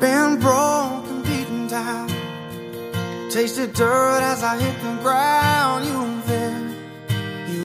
Been broken, beaten down. Tasted dirt as I hit the ground.